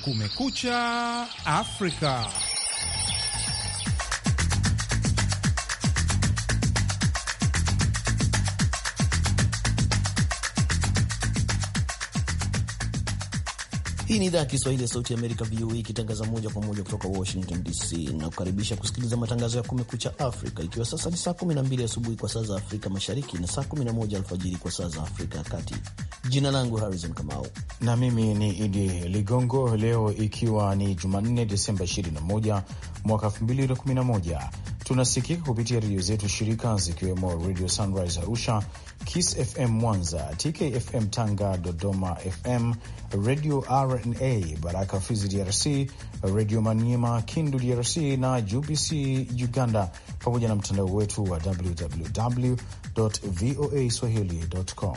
Kumekucha Afrika. Hii ni idhaa ya Kiswahili ya Sauti ya Amerika, VOA, ikitangaza moja kwa moja kutoka Washington DC na kukaribisha kusikiliza matangazo ya Kumekucha Afrika, ikiwa sasa ni saa 12 asubuhi kwa saa za Afrika Mashariki na saa 11 alfajiri kwa saa za Afrika ya Kati. Jina langu Harrison Kamau na mimi ni Idi Ligongo. Leo ikiwa ni Jumanne, Desemba 21 mwaka 2011 Tunasikika kupitia redio zetu shirika zikiwemo Radio Sunrise Arusha, Kiss FM Mwanza, TKFM Tanga, Dodoma FM, Radio RNA Baraka Fizi DRC, Radio Maniema Kindu DRC na UBC Uganda, pamoja na mtandao wetu wa www voa swahili.com.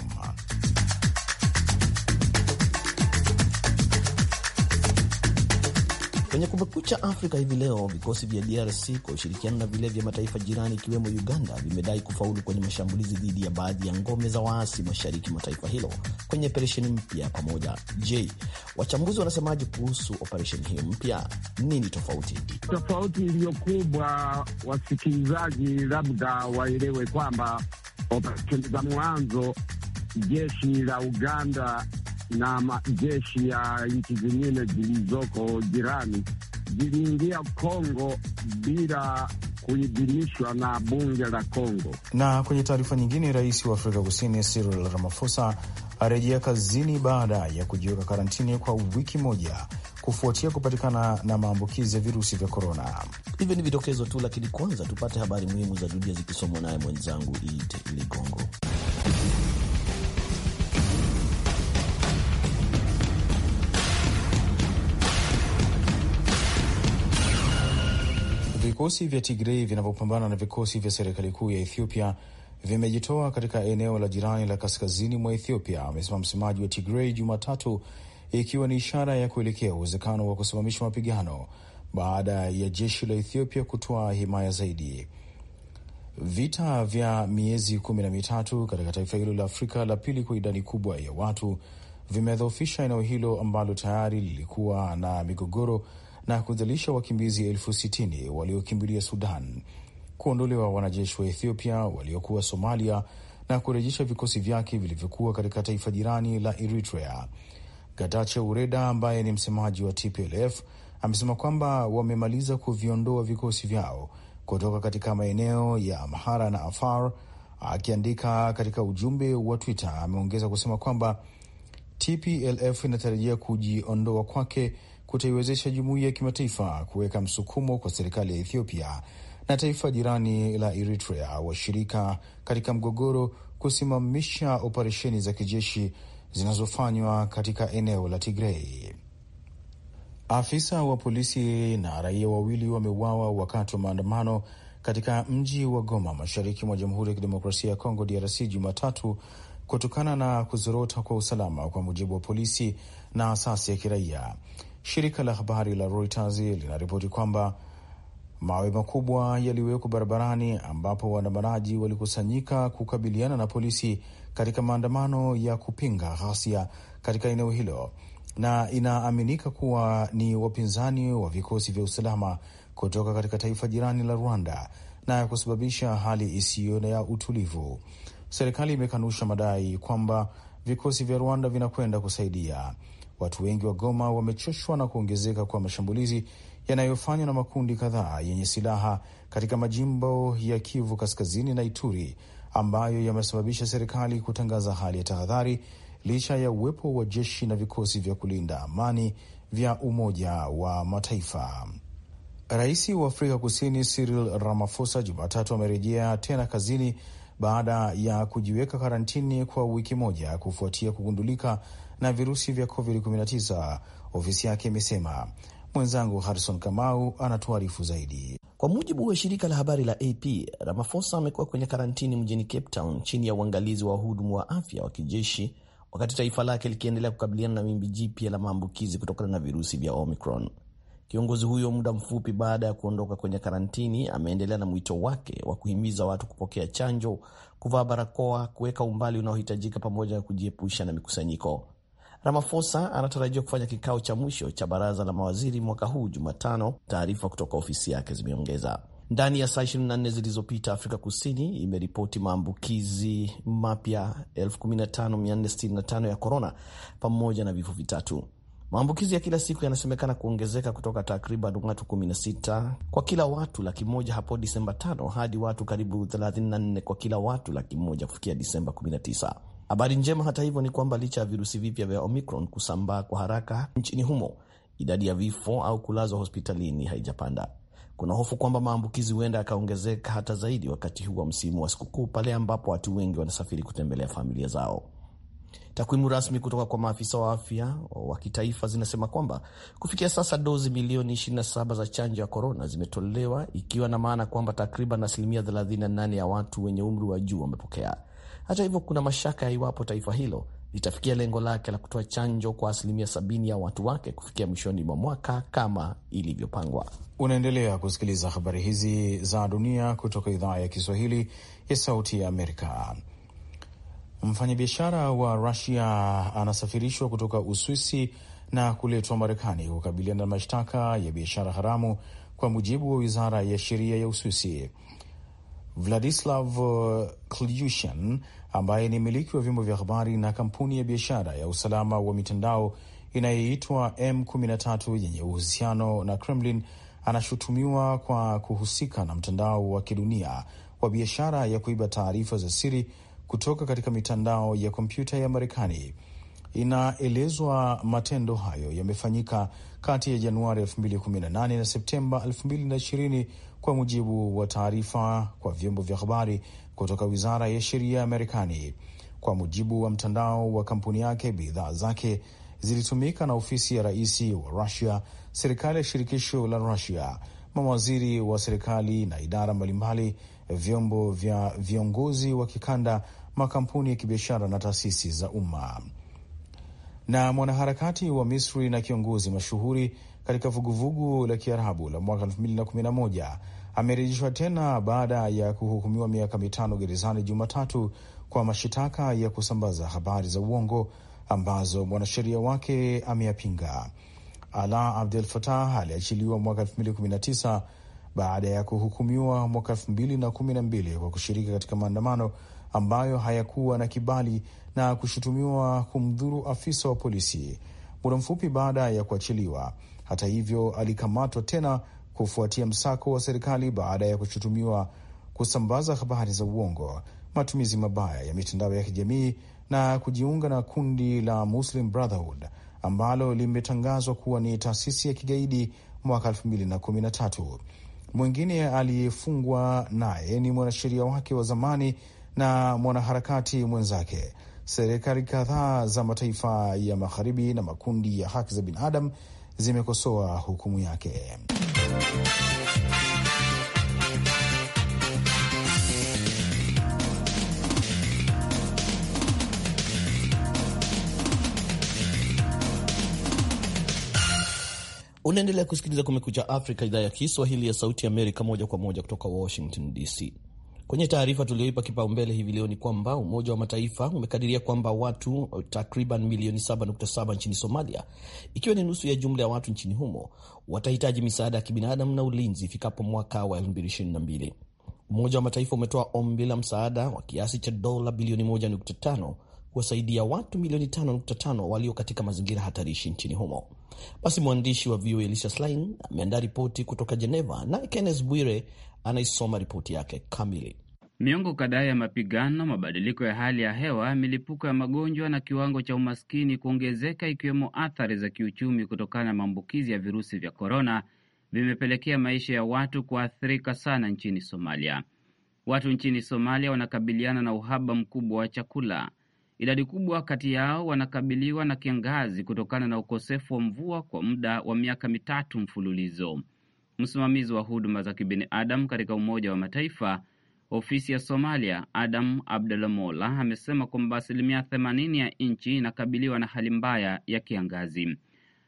Kwenye Kumekucha Afrika hivi leo, vikosi vya DRC kwa ushirikiano na vile vya mataifa jirani ikiwemo Uganda vimedai kufaulu kwenye mashambulizi dhidi ya baadhi ya ngome za waasi mashariki mwa taifa hilo kwenye operesheni mpya pamoja. Je, wachambuzi wanasemaje kuhusu operesheni hiyo mpya? Nini tofauti? Tofauti iliyokubwa, wasikilizaji labda waelewe kwamba operesheni za mwanzo jeshi la Uganda na majeshi ya nchi zingine zilizoko jirani ziliingia Kongo bila kuidhinishwa na bunge la Kongo. Na kwenye taarifa nyingine, rais wa Afrika Kusini Cyril Ramaphosa arejea kazini baada ya kujiweka karantini kwa wiki moja kufuatia kupatikana na maambukizi ya virusi vya korona. Hivyo ni vidokezo tu, lakini kwanza tupate habari muhimu za dunia zikisomwa naye mwenzangu ed Ligongo. Vikosi vya Tigrei vinavyopambana na vikosi vya serikali kuu ya Ethiopia vimejitoa katika eneo la jirani la kaskazini mwa Ethiopia, amesema msemaji wa Tigrei Jumatatu, ikiwa ni ishara ya kuelekea uwezekano wa kusimamisha mapigano baada ya jeshi la Ethiopia kutoa himaya zaidi. Vita vya miezi kumi na mitatu katika taifa hilo la Afrika la pili kwa idadi kubwa ya watu vimedhoofisha eneo hilo ambalo tayari lilikuwa na migogoro na kuzalisha wakimbizi elfu sitini waliokimbilia Sudan, kuondolewa wanajeshi wa Ethiopia waliokuwa Somalia na kurejesha vikosi vyake vilivyokuwa katika taifa jirani la Eritrea. Getachew Ureda ambaye ni msemaji wa TPLF amesema kwamba wamemaliza kuviondoa vikosi vyao kutoka katika maeneo ya Amhara na Afar. Akiandika katika ujumbe wa Twitter, ameongeza kusema kwamba TPLF inatarajia kujiondoa kwake kutaiwezesha jumuiya ya kimataifa kuweka msukumo kwa serikali ya Ethiopia na taifa jirani la Eritrea, washirika katika mgogoro, kusimamisha operesheni za kijeshi zinazofanywa katika eneo la Tigrei. Afisa wa polisi na raia wawili wameuawa wakati wa maandamano katika mji wa Goma, mashariki mwa Jamhuri ya Kidemokrasia ya Kongo, DRC, Jumatatu, kutokana na kuzorota kwa usalama, kwa mujibu wa polisi na asasi ya kiraia. Shirika la habari la Reuters linaripoti kwamba mawe makubwa yaliwekwa barabarani ambapo waandamanaji walikusanyika kukabiliana na polisi katika maandamano ya kupinga ghasia katika eneo hilo, na inaaminika kuwa ni wapinzani wa vikosi vya usalama kutoka katika taifa jirani la Rwanda na kusababisha hali isiyo ya utulivu. Serikali imekanusha madai kwamba vikosi vya Rwanda vinakwenda kusaidia. Watu wengi wa Goma wamechoshwa na kuongezeka kwa mashambulizi yanayofanywa na makundi kadhaa yenye silaha katika majimbo ya Kivu Kaskazini na Ituri ambayo yamesababisha serikali kutangaza hali ya tahadhari licha ya uwepo wa jeshi na vikosi vya kulinda amani vya Umoja wa Mataifa. Rais wa Afrika Kusini Cyril Ramaphosa Jumatatu amerejea tena kazini baada ya kujiweka karantini kwa wiki moja kufuatia kugundulika na virusi vya COVID-19, ofisi yake imesema. Mwenzangu Harison Kamau anatuarifu zaidi. Kwa mujibu wa shirika la habari la AP, Ramafosa amekuwa kwenye karantini mjini Cape Town chini ya uangalizi wa wahudumu wa afya wa kijeshi, wakati taifa lake likiendelea kukabiliana na wimbi jipya la maambukizi kutokana na virusi vya Omicron. Kiongozi huyo muda mfupi baada ya kuondoka kwenye karantini ameendelea na mwito wake wa kuhimiza watu kupokea chanjo, kuvaa barakoa, kuweka umbali unaohitajika, pamoja na kujiepusha na mikusanyiko. Ramaphosa anatarajiwa kufanya kikao cha mwisho cha baraza la mawaziri mwaka huu Jumatano, taarifa kutoka ofisi yake zimeongeza. Ndani ya saa 24 zilizopita, Afrika Kusini imeripoti maambukizi mapya 15465 ya korona pamoja na vifo vitatu. Maambukizi ya kila siku yanasemekana kuongezeka kutoka takriban watu 16 kwa kila watu laki moja hapo Disemba 5 hadi watu karibu 34 kwa kila watu laki moja kufikia Disemba 19. Habari njema hata hivyo ni kwamba licha ya virusi vipya vya Omicron kusambaa kwa haraka nchini humo, idadi ya vifo au kulazwa hospitalini haijapanda. Kuna hofu kwamba maambukizi huenda yakaongezeka hata zaidi wakati huu wa msimu wa sikukuu, pale ambapo watu wengi wanasafiri kutembelea familia zao. Takwimu rasmi kutoka kwa maafisa wa afya wa kitaifa zinasema kwamba kufikia sasa dozi milioni 27 za chanjo ya korona zimetolewa, ikiwa na maana kwamba takriban asilimia 38 ya watu wenye umri wa juu wamepokea. Hata hivyo, kuna mashaka ya iwapo taifa hilo litafikia lengo lake la kutoa chanjo kwa asilimia sabini ya watu wake kufikia mwishoni mwa mwaka kama ilivyopangwa. Unaendelea kusikiliza habari hizi za dunia kutoka idhaa ya Kiswahili ya Sauti ya Amerika. Mfanyabiashara wa Rusia anasafirishwa kutoka Uswisi na kuletwa Marekani kukabiliana na mashtaka ya biashara haramu, kwa mujibu wa wizara ya sheria ya Uswisi. Vladislav uh, Klyushin ambaye ni mmiliki wa vyombo vya habari na kampuni ya biashara ya usalama wa mitandao inayoitwa M13 yenye uhusiano na Kremlin anashutumiwa kwa kuhusika na mtandao wa kidunia wa biashara ya kuiba taarifa za siri kutoka katika mitandao ya kompyuta ya Marekani. Inaelezwa matendo hayo yamefanyika kati ya Januari 2018 na Septemba 2020 kwa mujibu wa taarifa kwa vyombo vya habari kutoka wizara ya sheria ya Marekani. Kwa mujibu wa mtandao wa kampuni yake, bidhaa zake zilitumika na ofisi ya rais wa Rusia, serikali ya shirikisho la Rusia, mawaziri wa serikali na idara mbalimbali, vyombo vya viongozi wa kikanda, makampuni ya kibiashara na taasisi za umma na mwanaharakati wa Misri na kiongozi mashuhuri katika vuguvugu la Kiarabu la mwaka 2011 amerejeshwa tena baada ya kuhukumiwa miaka mitano gerezani Jumatatu kwa mashitaka ya kusambaza habari za uongo ambazo mwanasheria wake ameyapinga. Ala Abdel Fatah aliachiliwa mwaka 2019 baada ya kuhukumiwa mwaka 2012 kwa kushiriki katika maandamano ambayo hayakuwa na kibali na kushutumiwa kumdhuru afisa wa polisi muda mfupi baada ya kuachiliwa. Hata hivyo, alikamatwa tena kufuatia msako wa serikali baada ya kushutumiwa kusambaza habari za uongo, matumizi mabaya ya mitandao ya kijamii na kujiunga na kundi la Muslim Brotherhood ambalo limetangazwa kuwa ni taasisi ya kigaidi mwaka 2013. Mwingine aliyefungwa naye ni mwanasheria wake wa zamani na mwanaharakati mwenzake. Serikali kadhaa za mataifa ya magharibi na makundi ya haki za binadamu zimekosoa hukumu yake. Unaendelea kusikiliza Kumekucha Afrika, idhaa ya Kiswahili ya Sauti ya Amerika, moja kwa moja kutoka Washington DC. Kwenye taarifa tuliyoipa kipaumbele hivi leo ni kwamba Umoja wa Mataifa umekadiria kwamba watu takriban milioni 7.7 nchini Somalia, ikiwa ni nusu ya jumla ya watu nchini humo, watahitaji misaada ya kibinadamu na ulinzi ifikapo mwaka wa 2022. Umoja wa Mataifa umetoa ombi la msaada wa kiasi cha dola bilioni 1.5 kuwasaidia watu milioni 5.5 walio katika mazingira hatarishi nchini humo. Basi mwandishi wa VOA Elisha Schlein ameandaa ripoti kutoka Geneva, naye Kennes Bwire anaisoma ripoti yake kamili miongo kadhaa ya mapigano, mabadiliko ya hali ya hewa, milipuko ya magonjwa na kiwango cha umaskini kuongezeka, ikiwemo athari za kiuchumi kutokana na maambukizi ya virusi vya korona, vimepelekea maisha ya watu kuathirika sana nchini Somalia. Watu nchini Somalia wanakabiliana na uhaba mkubwa wa chakula. Idadi kubwa kati yao wanakabiliwa na kiangazi kutokana na ukosefu wa mvua kwa muda wa miaka mitatu mfululizo. Msimamizi wa huduma za kibinadamu katika Umoja wa Mataifa Ofisi ya Somalia Adam mola amesema kwamba asilimia themanini ya nchi inakabiliwa na hali mbaya ya kiangazi.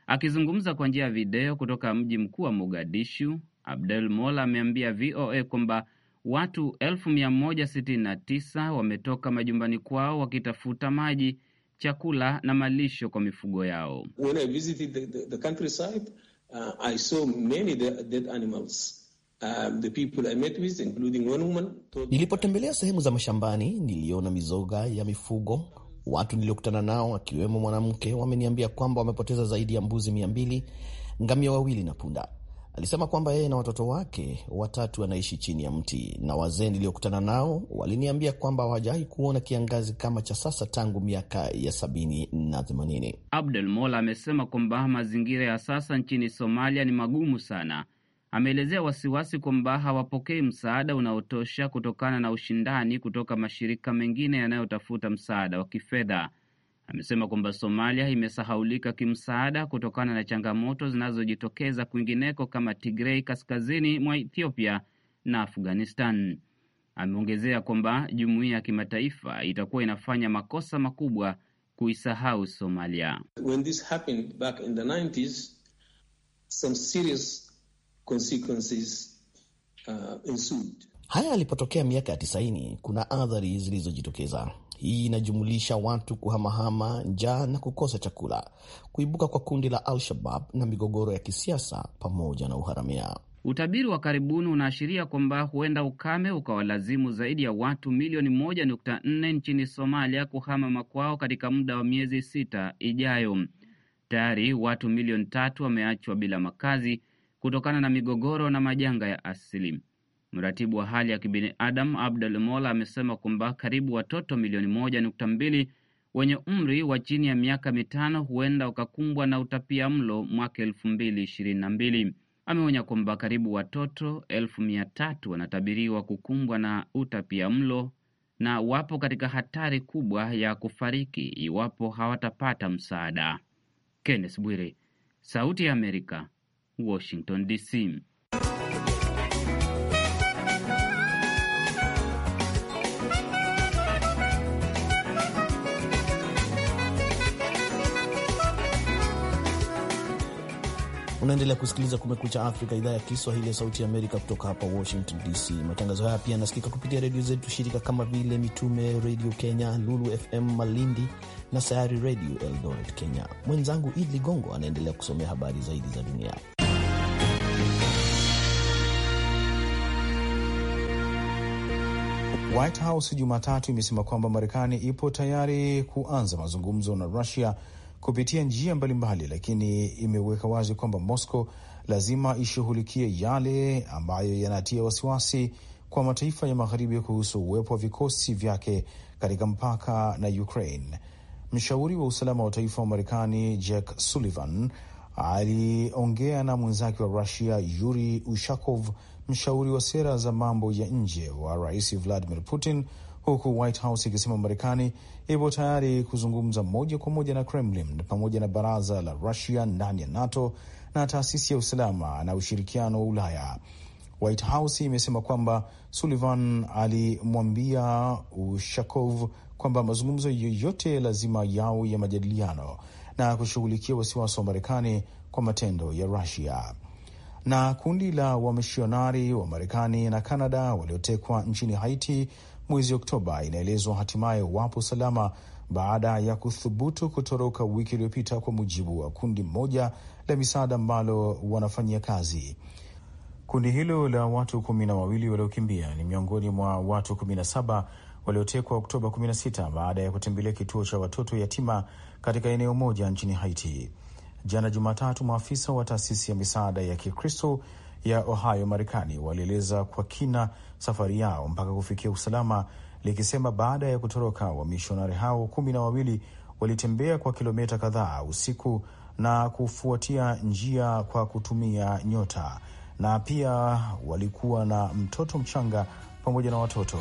Akizungumza kwa njia ya video kutoka mji mkuu wa Mogadishu, Abdel Mola ameambia VOA kwamba watu elfu mia moja sitini na tisa wametoka majumbani kwao wakitafuta maji, chakula na malisho kwa mifugo yao. When I visited the, the, the countryside, uh, I saw many dead animals. Uh, Nilipotembelea sehemu za mashambani, niliona mizoga ya mifugo. Watu niliokutana nao akiwemo mwanamke wameniambia kwamba wamepoteza zaidi ya mbuzi mia mbili, ngamia wawili na punda. Alisema kwamba yeye na watoto wake watatu anaishi chini ya mti, na wazee niliokutana nao waliniambia kwamba hawajawahi kuona kiangazi kama cha sasa tangu miaka ya sabini na themanini. Abdul Mola amesema kwamba mazingira ya sasa nchini Somalia ni magumu sana Ameelezea wasiwasi kwamba hawapokei msaada unaotosha kutokana na ushindani kutoka mashirika mengine yanayotafuta msaada wa kifedha. Amesema kwamba Somalia imesahaulika kimsaada kutokana na changamoto zinazojitokeza kwingineko kama Tigrei kaskazini mwa Ethiopia na Afghanistan. Ameongezea kwamba jumuiya ya kimataifa itakuwa inafanya makosa makubwa kuisahau Somalia. When this happened back in the 90s, some serious consequences uh, ensued. Haya yalipotokea miaka ya tisaini, kuna athari zilizojitokeza. Hii inajumulisha watu kuhamahama, njaa na kukosa chakula, kuibuka kwa kundi la Al-Shabab na migogoro ya kisiasa pamoja na uharamia. Utabiri wa karibuni unaashiria kwamba huenda ukame ukawalazimu zaidi ya watu milioni moja nukta nne nchini Somalia kuhama makwao katika muda wa miezi sita ijayo. Tayari watu milioni tatu wameachwa bila makazi kutokana na migogoro na majanga ya asili. Mratibu wa hali ya kibinadamu Abdul Mola amesema kwamba karibu watoto milioni moja nukta mbili wenye umri wa chini ya miaka mitano huenda wakakumbwa na utapia mlo mwaka elfu mbili ishirini na mbili. Ameonya kwamba karibu watoto elfu mia tatu wanatabiriwa kukumbwa na utapia mlo na wapo katika hatari kubwa ya kufariki iwapo hawatapata msaada. Kenneth Bwire, Sauti ya Amerika, Washington DC. Unaendelea kusikiliza Kumekucha Afrika, idhaa ya Kiswahili ya Sauti ya Amerika kutoka hapa Washington DC. Matangazo haya pia yanasikika kupitia redio zetu shirika kama vile Mitume Redio Kenya, Lulu FM Malindi na Sayari Redio Eldoret Kenya. Mwenzangu Id Ligongo anaendelea kusomea habari zaidi za dunia. White House Jumatatu imesema kwamba Marekani ipo tayari kuanza mazungumzo na Rusia kupitia njia mbalimbali lakini imeweka wazi kwamba Moscow lazima ishughulikie yale ambayo yanatia wasiwasi kwa mataifa ya magharibi kuhusu uwepo wa vikosi vyake katika mpaka na Ukraine. Mshauri wa usalama wa taifa wa Marekani Jack Sullivan aliongea na mwenzake wa Rusia Yuri Ushakov, mshauri wa sera za mambo ya nje wa rais Vladimir Putin, huku White House ikisema Marekani ipo tayari kuzungumza moja kwa moja na Kremlin pamoja na baraza la Rusia ndani ya NATO na taasisi ya usalama na ushirikiano wa Ulaya. White House imesema kwamba Sullivan alimwambia Ushakov kwamba mazungumzo yoyote lazima yao ya majadiliano na kushughulikia wasiwasi wa Marekani kwa matendo ya Rusia. Na kundi la wamishonari wa Marekani na Kanada waliotekwa nchini Haiti mwezi Oktoba inaelezwa hatimaye wapo salama baada ya kuthubutu kutoroka wiki iliyopita, kwa mujibu wa kundi moja la misaada ambalo wanafanyia kazi. Kundi hilo la watu kumi na wawili waliokimbia ni miongoni mwa watu kumi na saba waliotekwa Oktoba 16 baada ya kutembelea kituo cha watoto yatima katika eneo moja nchini Haiti. Jana Jumatatu, maafisa wa taasisi ya misaada ya Kikristo ya Ohio, Marekani, walieleza kwa kina safari yao mpaka kufikia usalama, likisema baada ya kutoroka, wamishonari hao kumi na wawili walitembea kwa kilomita kadhaa usiku na kufuatia njia kwa kutumia nyota, na pia walikuwa na mtoto mchanga pamoja na watoto.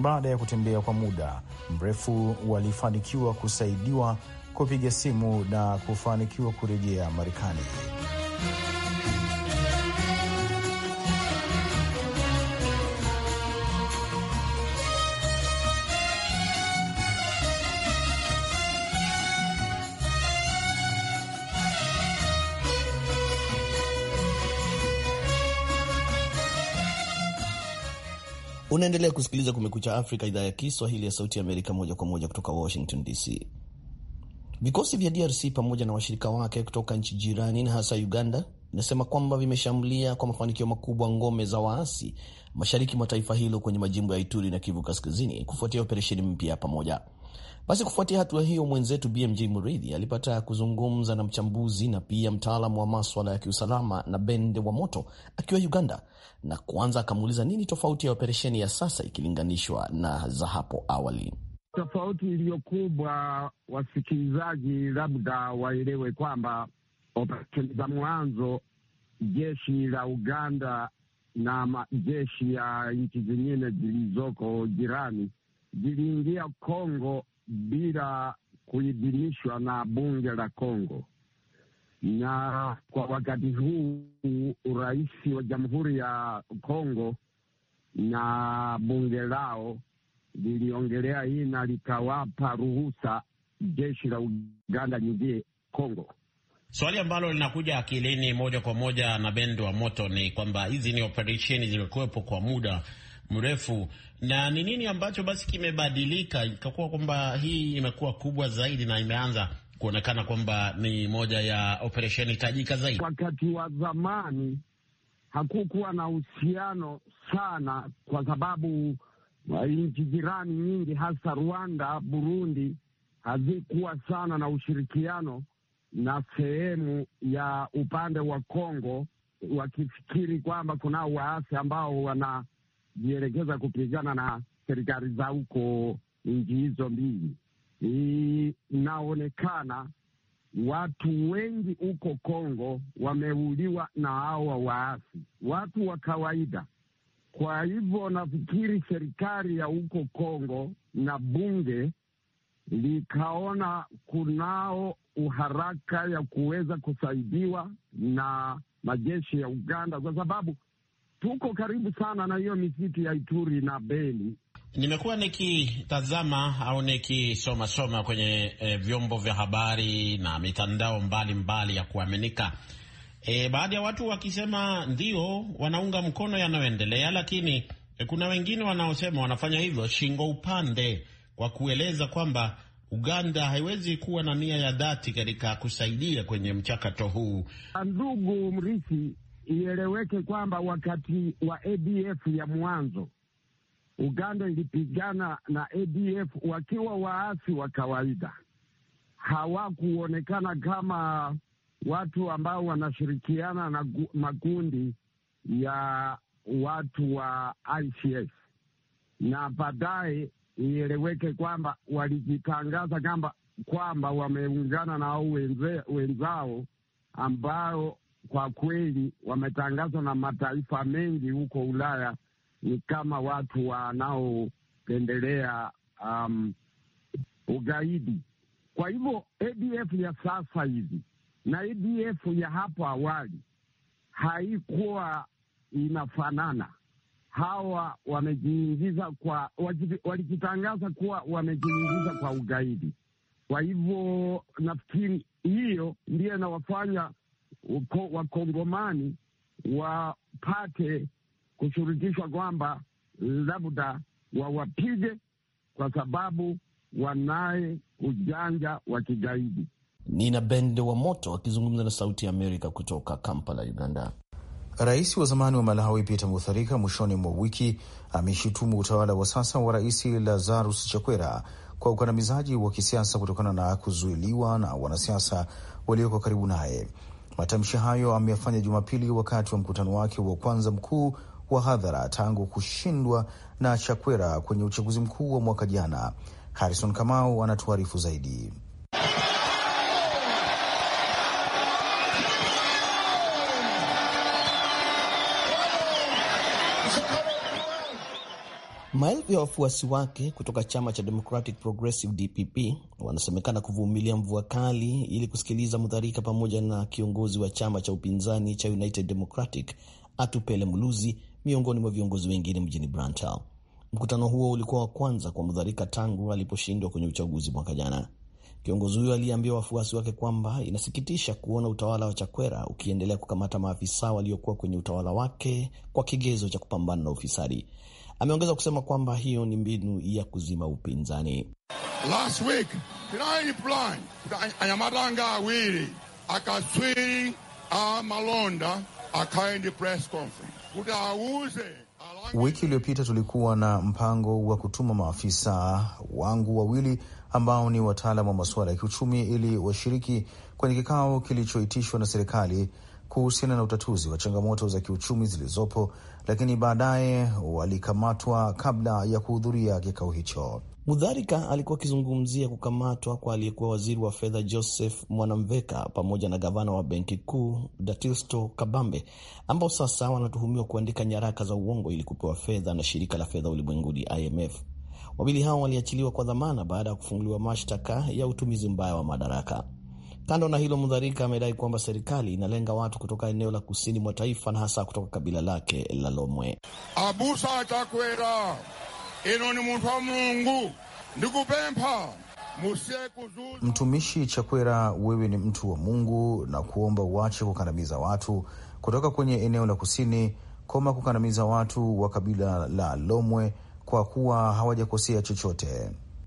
Baada ya kutembea kwa muda mrefu, walifanikiwa kusaidiwa kupiga simu na kufanikiwa kurejea Marekani. Unaendelea kusikiliza Kumekucha Afrika, idhaa ya Kiswahili ya Sauti ya Amerika, moja kwa moja kutoka Washington DC. Vikosi vya DRC pamoja na washirika wake kutoka nchi jirani na hasa Uganda vinasema kwamba vimeshambulia kwa mafanikio makubwa ngome za waasi mashariki mwa taifa hilo kwenye majimbo ya Ituri na Kivu Kaskazini kufuatia operesheni mpya pamoja. Basi kufuatia hatua hiyo, mwenzetu BMJ Muridhi alipata kuzungumza na mchambuzi na pia mtaalamu wa maswala ya kiusalama na Bende wa Moto akiwa Uganda, na kwanza akamuuliza nini tofauti ya operesheni ya sasa ikilinganishwa na za hapo awali tofauti iliyo kubwa, wasikilizaji labda waelewe kwamba operesheni za mwanzo jeshi la Uganda na majeshi ya nchi zingine zilizoko jirani ziliingia Kongo bila kuidhinishwa na bunge la Kongo. Na kwa wakati huu rais wa Jamhuri ya Kongo na bunge lao liliongelea hii na likawapa ruhusa jeshi la Uganda nyingie Kongo. Swali ambalo linakuja akilini moja kwa moja na bendi wa moto ni kwamba hizi ni operesheni zimekuwepo kwa muda mrefu, na ni nini ambacho basi kimebadilika ikakuwa kwamba hii imekuwa kubwa zaidi na imeanza kuonekana kwamba ni moja ya operesheni tajika zaidi. Wakati wa zamani hakukuwa na uhusiano sana, kwa sababu nchi jirani nyingi hasa Rwanda, Burundi hazikuwa sana na ushirikiano na sehemu ya upande wa Kongo, wakifikiri kwamba kuna waasi ambao wanajielekeza kupigana na serikali za huko nchi hizo mbili. Inaonekana watu wengi huko Kongo wameuliwa na hawa waasi. Watu wa kawaida kwa hivyo nafikiri serikali ya huko Kongo na bunge likaona kunao uharaka ya kuweza kusaidiwa na majeshi ya Uganda kwa sababu tuko karibu sana na hiyo misitu ya Ituri na Beni. Nimekuwa nikitazama au nikisomasoma kwenye eh, vyombo vya habari na mitandao mbalimbali mbali ya kuaminika E, baadhi ya watu wakisema ndio wanaunga mkono yanayoendelea, lakini e, kuna wengine wanaosema wanafanya hivyo shingo upande kwa kueleza kwamba Uganda haiwezi kuwa na nia ya dhati katika kusaidia kwenye mchakato huu. Ndugu Mrithi, ieleweke kwamba wakati wa ADF ya mwanzo Uganda ilipigana na ADF wakiwa waasi wa kawaida, hawakuonekana kama watu ambao wanashirikiana na makundi ya watu wa ICS na baadaye ieleweke kwamba walijitangaza kwamba kwamba wameungana na au wenzao ambao kwa kweli wametangazwa na mataifa mengi huko Ulaya ni kama watu wanaopendelea um, ugaidi. Kwa hivyo ADF ya sasa hivi na ADF e ya hapo awali haikuwa inafanana. Hawa wamejiingiza kwa walijitangaza kuwa wamejiingiza kwa ugaidi. Kwa hivyo nafikiri hiyo ndiyo inawafanya wakongomani wapate kushurutishwa kwamba labda wawapige kwa sababu wanaye ujanja wa kigaidi. Nina Bende wa Moto akizungumza na Sauti ya Amerika kutoka Kampala, Uganda. Rais wa zamani wa Malawi Peter Mutharika mwishoni mwa wiki ameshutumu utawala wa sasa wa Rais Lazarus Chakwera kwa ukandamizaji wa kisiasa kutokana na kuzuiliwa na wanasiasa walioko karibu naye. Matamshi hayo ameyafanya Jumapili wakati wa mkutano wake wa kwanza mkuu wa hadhara tangu kushindwa na Chakwera kwenye uchaguzi mkuu wa mwaka jana. Harrison Kamau anatuarifu zaidi. Maelfu ya wafuasi wake kutoka chama cha Democratic Progressive DPP wanasemekana kuvumilia mvua kali ili kusikiliza Mudharika pamoja na kiongozi wa chama cha upinzani cha United Democratic Atupele Muluzi miongoni mwa viongozi wengine mjini Brantown. Mkutano huo ulikuwa wa kwanza kwa Mudharika tangu aliposhindwa kwenye uchaguzi mwaka jana. Kiongozi huyo aliambia wafuasi wake kwamba inasikitisha kuona utawala wa Chakwera ukiendelea kukamata maafisa waliokuwa kwenye utawala wake kwa kigezo cha kupambana na ufisadi. Ameongeza kusema kwamba hiyo ni mbinu ya kuzima upinzani. Last week plan, anyamaranga akaswiri amalonda akaendi press conference Wiki iliyopita tulikuwa na mpango wa kutuma maafisa wangu wawili ambao ni wataalam wa masuala ya kiuchumi ili washiriki kwenye kikao kilichoitishwa na serikali kuhusiana na utatuzi wa changamoto za kiuchumi zilizopo, lakini baadaye walikamatwa kabla ya kuhudhuria kikao hicho. Mudharika alikuwa akizungumzia kukamatwa kwa aliyekuwa waziri wa fedha Joseph Mwanamveka pamoja na gavana wa benki kuu Datilsto Kabambe ambao sasa wanatuhumiwa kuandika nyaraka za uongo ili kupewa fedha na shirika la fedha ulimwenguni IMF. Wawili hao waliachiliwa kwa dhamana baada ya kufunguliwa mashtaka ya utumizi mbaya wa madaraka. Kando na hilo, Mudharika amedai kwamba serikali inalenga watu kutoka eneo la kusini mwa taifa na hasa kutoka kabila lake la Lomwe. abusa atakwera ino ni muntu wa Mungu ndikupempa Mtumishi Chakwera, wewe ni mtu wa Mungu na kuomba uache kukandamiza watu kutoka kwenye eneo la kusini. Koma kukandamiza watu wa kabila la Lomwe kwa kuwa hawajakosea chochote.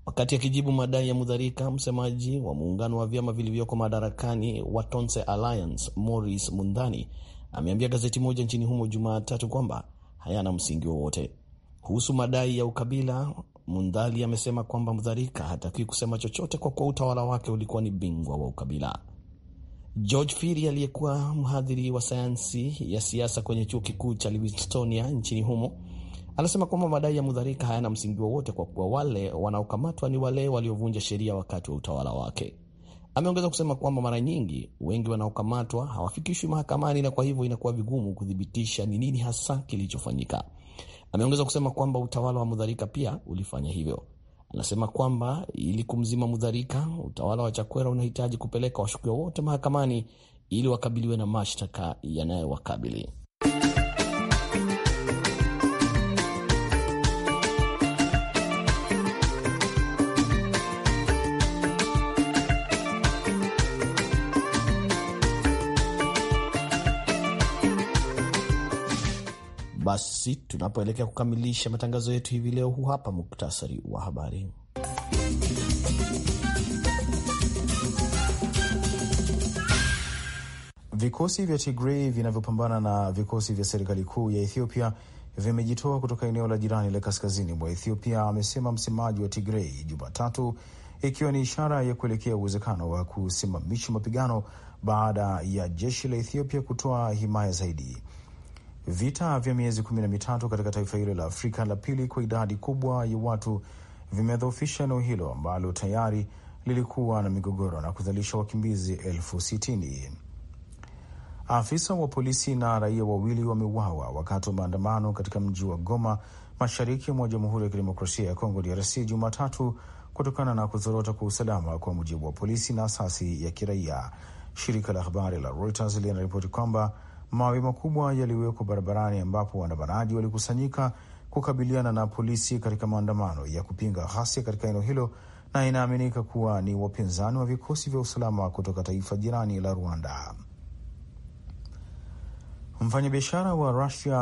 Wakati akijibu madai ya Mudharika, msemaji wa muungano wa vyama vilivyoko madarakani wa Tonse Alliance Morris Mundhani ameambia gazeti moja nchini humo Jumatatu kwamba hayana msingi wowote kuhusu madai ya ukabila. Mundhali amesema kwamba Mudharika hatakiwi kusema chochote kwa kuwa utawala wake ulikuwa ni bingwa wa ukabila. George Firi aliyekuwa mhadhiri wa sayansi ya siasa kwenye chuo kikuu cha Livingstonia nchini humo Anasema kwamba madai ya Mudharika hayana msingi wowote kwa kuwa wale wanaokamatwa ni wale waliovunja sheria wakati wa utawala wake. Ameongeza kusema kwamba mara nyingi wengi wanaokamatwa hawafikishwi mahakamani na kwa hivyo inakuwa vigumu kuthibitisha ni nini hasa kilichofanyika. Ameongeza kusema kwamba utawala wa Mudharika pia ulifanya hivyo. Anasema kwamba ili kumzima Mudharika, utawala wa Chakwera unahitaji kupeleka washukiwa wote mahakamani ili wakabiliwe na mashtaka yanayowakabili. Basi tunapoelekea kukamilisha matangazo yetu hivi leo, hu hapa muktasari wa habari. Vikosi vya Tigrei vinavyopambana na vikosi vya serikali kuu ya Ethiopia vimejitoa kutoka eneo la jirani la kaskazini mwa Ethiopia, amesema msemaji wa Tigrei Jumatatu, ikiwa ni ishara ya kuelekea uwezekano wa kusimamisha mapigano baada ya jeshi la Ethiopia kutoa himaya zaidi. Vita vya miezi kumi na mitatu katika taifa hilo la Afrika la pili kwa idadi kubwa ya watu vimedhoofisha eneo hilo ambalo tayari lilikuwa na migogoro na kuzalisha wakimbizi elfu sitini. Afisa wa polisi na raia wawili wameuawa wakati wa maandamano katika mji wa Goma, mashariki mwa Jamhuri ya Kidemokrasia ya Kongo, DRC, Jumatatu, kutokana na kuzorota kwa usalama, kwa mujibu wa polisi na asasi ya kiraia. Shirika la habari la Reuters linaripoti kwamba mawe makubwa yaliwekwa barabarani ambapo waandamanaji walikusanyika kukabiliana na polisi katika maandamano ya kupinga ghasia katika eneo hilo, na inaaminika kuwa ni wapinzani wa vikosi vya usalama kutoka taifa jirani la Rwanda. Mfanyabiashara wa Rusia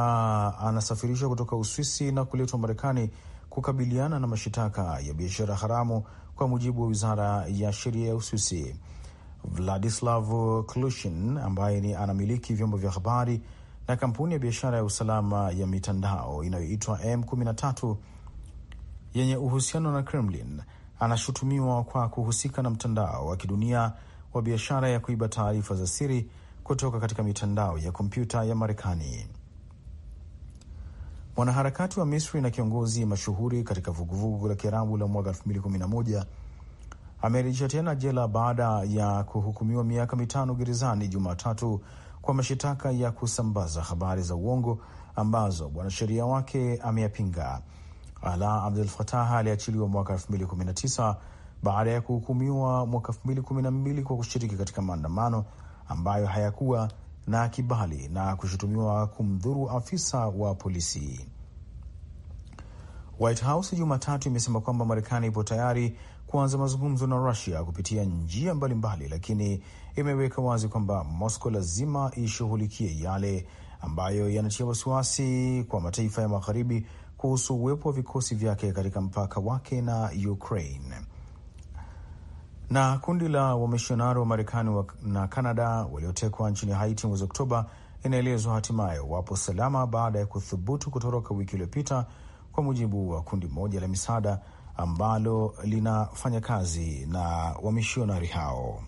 anasafirishwa kutoka Uswisi na kuletwa Marekani kukabiliana na mashitaka ya biashara haramu, kwa mujibu wa wizara ya sheria ya Uswisi. Vladislav Klushin ambaye ni anamiliki vyombo vya habari na kampuni ya biashara ya usalama ya mitandao inayoitwa M13 yenye uhusiano na Kremlin anashutumiwa kwa kuhusika na mtandao wa kidunia wa biashara ya kuiba taarifa za siri kutoka katika mitandao ya kompyuta ya Marekani. Mwanaharakati wa Misri na kiongozi mashuhuri katika vuguvugu la Kiarabu la mwaka 2011 amearejeshwa tena jela baada ya kuhukumiwa miaka mitano gerezani Jumatatu kwa mashitaka ya kusambaza habari za uongo ambazo mwanasheria wake ameyapinga. Ala Abdul Fatah aliachiliwa mwaka 2019 baada ya kuhukumiwa mwaka 2012 kwa kushiriki katika maandamano ambayo hayakuwa na kibali na kushutumiwa kumdhuru afisa wa polisi. White House Jumatatu imesema kwamba Marekani ipo tayari kuanza mazungumzo na Rusia kupitia njia mbalimbali lakini imeweka wazi kwamba Moscow lazima ishughulikie yale ambayo yanatia wasiwasi kwa mataifa ya magharibi kuhusu uwepo wa vikosi vyake katika mpaka wake na Ukraine. Na kundi la wamishonari wa Marekani na Kanada waliotekwa nchini Haiti mwezi Oktoba inaelezwa hatimaye wapo salama baada ya kuthubutu kutoroka wiki iliyopita, kwa mujibu wa kundi moja la misaada ambalo linafanya kazi na wamishonari hao.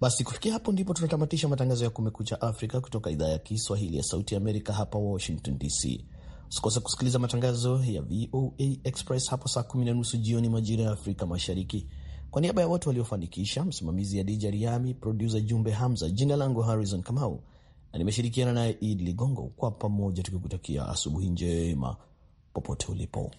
Basi kufikia hapo ndipo tunatamatisha matangazo ya Kumekucha Afrika kutoka idhaa ya Kiswahili ya Sauti ya Amerika, hapa Washington DC. Usikose kusikiliza matangazo ya VOA Express hapo saa kumi na nusu jioni majira ya Afrika Mashariki. Kwa niaba ya wote waliofanikisha, msimamizi ya DJ Riami, produsa Jumbe Hamza, jina langu Harrison Kamau na nimeshirikiana naye Id Ligongo, kwa pamoja tukikutakia asubuhi njema popote ulipo.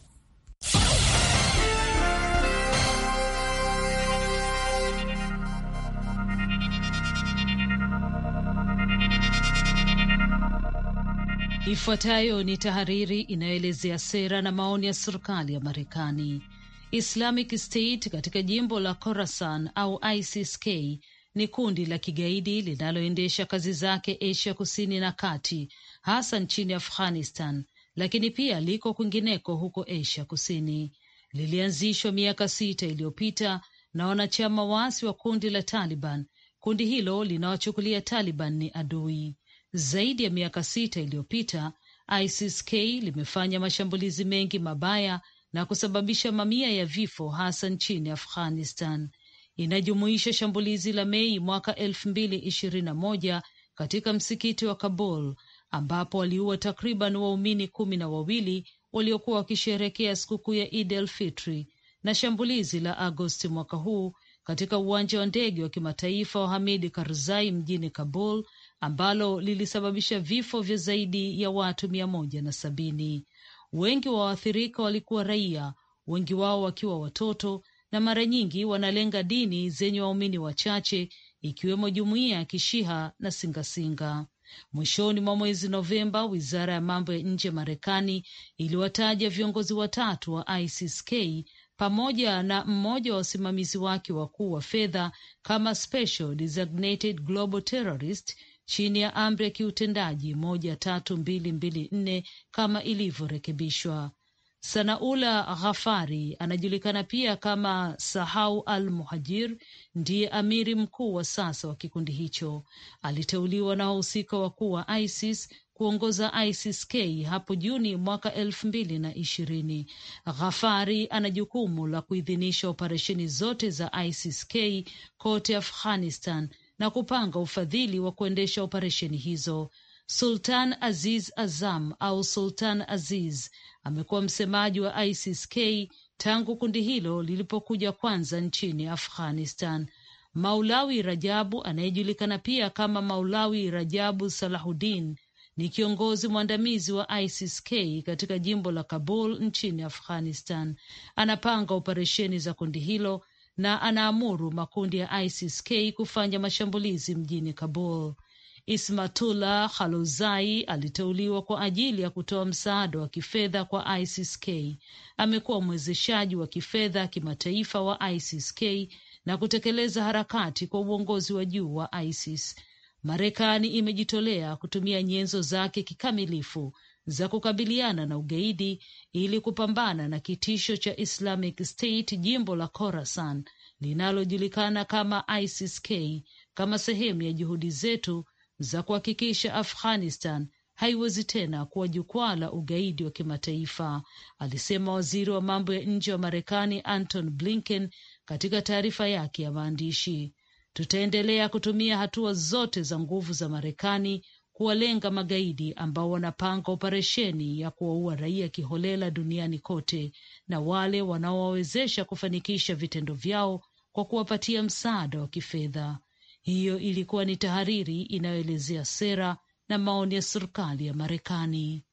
Ifuatayo ni tahariri inayoelezea sera na maoni ya serikali ya Marekani. Islamic State katika jimbo la Khorasan au ISIS-K ni kundi la kigaidi linaloendesha kazi zake Asia kusini na kati, hasa nchini Afghanistan lakini pia liko kwingineko huko Asia Kusini. Lilianzishwa miaka sita iliyopita na wanachama waasi wa kundi la Taliban. Kundi hilo linawachukulia Taliban ni adui. Zaidi ya miaka sita iliyopita, ISIS-K limefanya mashambulizi mengi mabaya na kusababisha mamia ya vifo, hasa nchini Afghanistan. Inajumuisha shambulizi la Mei mwaka elfu mbili ishirini na moja katika msikiti wa Kabul ambapo waliua takriban waumini kumi na wawili waliokuwa wakisherehekea sikukuu ya Id el Fitri, na shambulizi la Agosti mwaka huu katika uwanja wa ndege wa kimataifa wa Hamid Karzai mjini Kabul ambalo lilisababisha vifo vya zaidi ya watu mia moja na sabini. Wengi wa waathirika walikuwa raia, wengi wao wakiwa watoto, na mara nyingi wanalenga dini zenye waumini wachache ikiwemo jumuiya ya Kishiha na Singasinga. Mwishoni mwa mwezi Novemba, wizara ya mambo ya nje ya Marekani iliwataja viongozi watatu wa ISIS-K pamoja na mmoja wa wasimamizi wake wakuu wa fedha kama Special Designated Global Terrorist chini ya amri ya kiutendaji moja tatu mbili mbili nne kama ilivyorekebishwa. Sanaula Ghafari anajulikana pia kama Sahau al Muhajir ndiye amiri mkuu wa sasa wa kikundi hicho. Aliteuliwa na wahusika wakuu wa ISIS kuongoza ISIS-K hapo Juni mwaka elfu mbili na ishirini. Ghafari ana jukumu la kuidhinisha operesheni zote za ISIS-K kote Afghanistan na kupanga ufadhili wa kuendesha operesheni hizo. Sultan Aziz Azam au Sultan Aziz amekuwa msemaji wa ISIS-K tangu kundi hilo lilipokuja kwanza nchini Afghanistan. Maulawi Rajabu anayejulikana pia kama Maulawi Rajabu Salahuddin ni kiongozi mwandamizi wa ISIS-K katika jimbo la Kabul nchini Afghanistan. Anapanga operesheni za kundi hilo na anaamuru makundi ya ISIS-K kufanya mashambulizi mjini Kabul. Ismatullah Khalozai aliteuliwa kwa ajili ya kutoa msaada wa kifedha kwa k Amekuwa mwezeshaji wa kifedha kimataifa wa k na kutekeleza harakati kwa uongozi wa juu wa ISIS. Marekani imejitolea kutumia nyenzo zake kikamilifu za kukabiliana na ugaidi ili kupambana na kitisho cha Islamic State jimbo la Khorasan linalojulikana kama ISIS K, kama sehemu ya juhudi zetu za kuhakikisha Afghanistan haiwezi tena kuwa jukwaa la ugaidi wa kimataifa, alisema waziri wa mambo ya nje wa Marekani Anton Blinken katika taarifa yake ya maandishi. Tutaendelea kutumia hatua zote za nguvu za Marekani kuwalenga magaidi ambao wanapanga operesheni ya kuwaua raia kiholela duniani kote na wale wanaowawezesha kufanikisha vitendo vyao kwa kuwapatia msaada wa kifedha. Hiyo ilikuwa ni tahariri inayoelezea sera na maoni ya serikali ya Marekani.